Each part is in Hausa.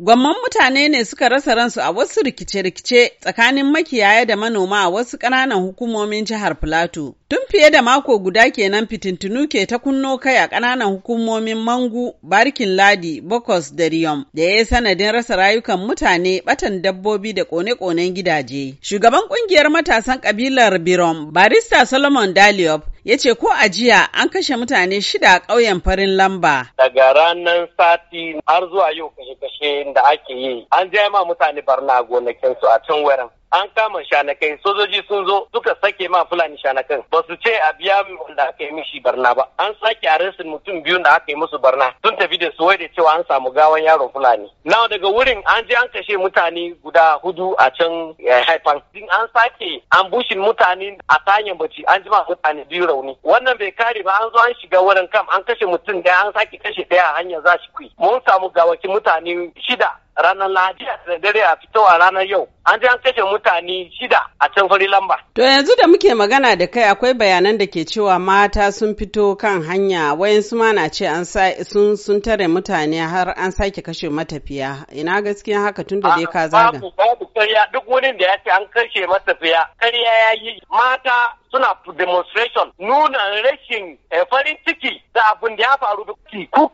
Gwamman mutane ne suka rasa ransu a wasu rikice-rikice tsakanin makiyaya da manoma a wasu ƙananan hukumomin jihar Filato. Tun fiye da mako guda kenan fitintunu ke ta kunno kai a ƙananan hukumomin Mangu, Barkin Ladi, Bokos da Riyom, da ya yi sanadin rasa rayukan mutane, batan dabbobi da kone-konen gidaje. Shugaban ƙungiyar matasan ƙabilar Birom, Barista Solomon Daliop, ya ce ko a jiya an kashe mutane shida a ƙauyen farin lamba. Daga ranar sati har zuwa yau kashe-kashe da ake yi an je ma mutane barna a gonakinsu a can wurin. an kama shanakai sojoji sun zo suka sake ma fulani shanakan ba su ce a biya wanda aka yi mishi barna ba an sake a arrestin mutum biyu da aka yi musu barna sun tafi da su da cewa an samu gawan yaron fulani na daga wurin an je an kashe mutane guda hudu a can eh, haifan din an sake an bushin mutane a tanyan baci an ma mutane biyu rauni wannan bai kare ba an zo an shiga wurin kam an kashe mutum daya an sake kashe daya a hanyar za shi mun samu gawaki mutane shida ranar Lahadi da dare a fitowa ranar yau. An ji an kashe mutane shida a can fari lamba. To yanzu da muke magana da kai akwai bayanan da ke cewa mata sun fito kan hanya wayansu ma na ce an sun sun tare mutane har an sake kashe matafiya. Ina gaskiya haka tun da dai ka zaga. duk wurin da ya ce an kashe matafiya karya ya yi mata suna demonstration nuna rashin eh, farin ciki da abin da ya faru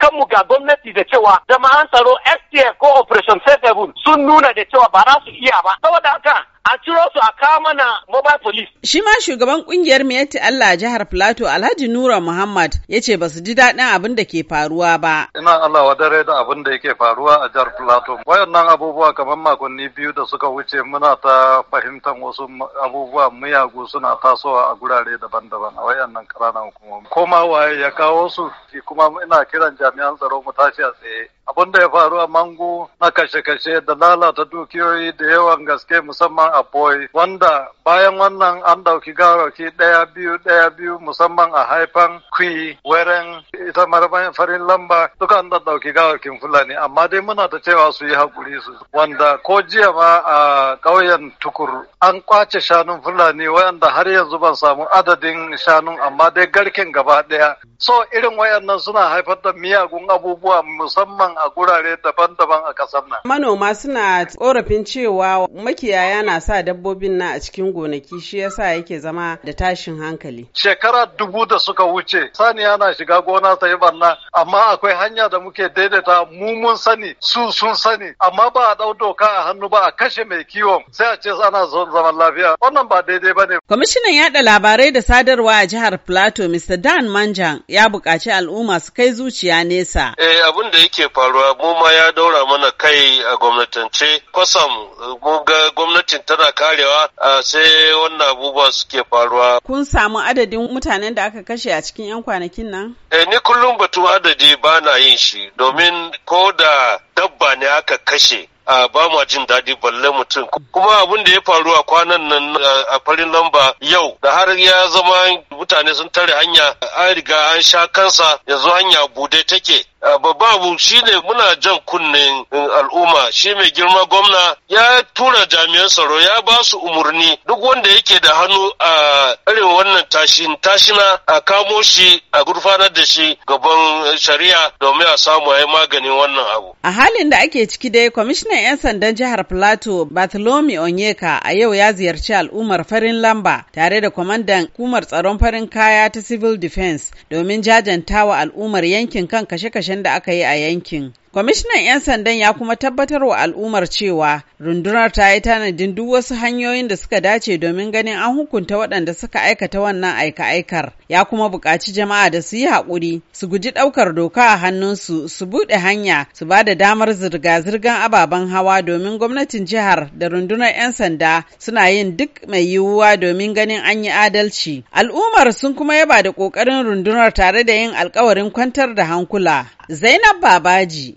da mu ga gwamnati da cewa jama'an tsaro STF ko Operation Safe Haven sun nuna da cewa ba za su iya ba. Saboda haka kiro su a kawo mana mobile police. Shi ma shugaban kungiyar Miyatti Allah a jihar Filato Alhaji Nura Muhammad ya ce ba su ji daɗin abin da ke faruwa ba. Ina Allah wadare da abin da yake faruwa a jihar Plateau. Wayannan abubuwa kamar makonni biyu da suka wuce muna ta fahimtar wasu abubuwa miyagu suna tasowa a gurare daban-daban a wayannan ƙananan hukumomi. Ko ma waye ya kawo su kuma ina kiran jami'an tsaro mu tashi a tsaye. abin da ya faru a mango na kashe-kashe da lalata dukiyoyi da yawan gaske musamman a wai wanda bayan wannan an dauki garauki ɗaya biyu ɗaya biyu musamman a haifan kwi weren ita marmarin farin lamba duka an dauki garaukin fulani amma dai muna ta cewa su yi hakuri su wanda ko jiya ma a kauyen tukur an kwace shanun fulani wayanda har yanzu ban samu adadin shanun amma dai garkin gaba daya so irin wayannan suna haifar da miyagun abubuwa musamman a gurare daban-daban a kasar nan manoma suna korafin cewa makiyaya na sa dabbobin na a cikin gonaki shi yasa yake zama da tashin hankali. Shekara dubu da suka wuce sani na shiga gona ta yi barna amma akwai hanya da muke daidaita mu mun sani su sun sani amma ba a ɗau doka a hannu ba a kashe mai kiwon sai a ce ana son zaman lafiya wannan ba daidai ba ne. Kwamishinan yaɗa labarai da sadarwa a jihar Plateau Mr. Dan Manjan ya buƙaci al'umma su kai zuciya nesa. Eh abin da yake faruwa mu ma ya daura mana kai a gwamnatance kwasam mu ga gwamnatin tana karewa sai wannan abubuwa suke faruwa. Kun samu adadin mutanen da aka kashe a cikin 'yan kwanakin nan? e ni kullum batun adadi ba na yin shi domin ko da dabba ne aka kashe a ba ma jin daɗi balle mutum kuma abin da ya faru a kwanan nan a farin lamba yau da har ya zama mutane sun tare hanya an riga an sha kansa yanzu hanya bude take babban abu ne muna jan kunnen al'umma shi mai girma gwamna ya tura jami'an tsaro ya ba su umarni duk wanda yake da hannu a irin wannan tashin tashina a kamo shi a gurfanar da shi gaban shari'a domin a samu a yi maganin wannan abu. A halin da ake ciki dai kwamishinan 'yan sandan jihar Plateau Bartholomew Onyeka a yau ya ziyarci al'ummar farin lamba tare da kwamandan hukumar tsaron farin kaya ta civil defense domin jajantawa al'ummar yankin kan kashe-kashe tashe da aka yi a yankin Kwamishinan 'yan sandan ya kuma tabbatar wa al'ummar cewa rundunar ta yi tanadin duk wasu hanyoyin da suka dace domin ganin an hukunta waɗanda suka aikata wannan aika-aikar. Ya kuma buƙaci jama'a da su yi haƙuri, su guji ɗaukar doka a hannunsu, su buɗe hanya, su ba da damar zirga-zirgar ababen hawa domin gwamnatin jihar da rundunar 'yan sanda suna yin duk mai yiwuwa domin ganin an yi adalci. Al'ummar sun kuma yaba da ƙoƙarin rundunar tare da yin alƙawarin kwantar da hankula. Zainab Babaji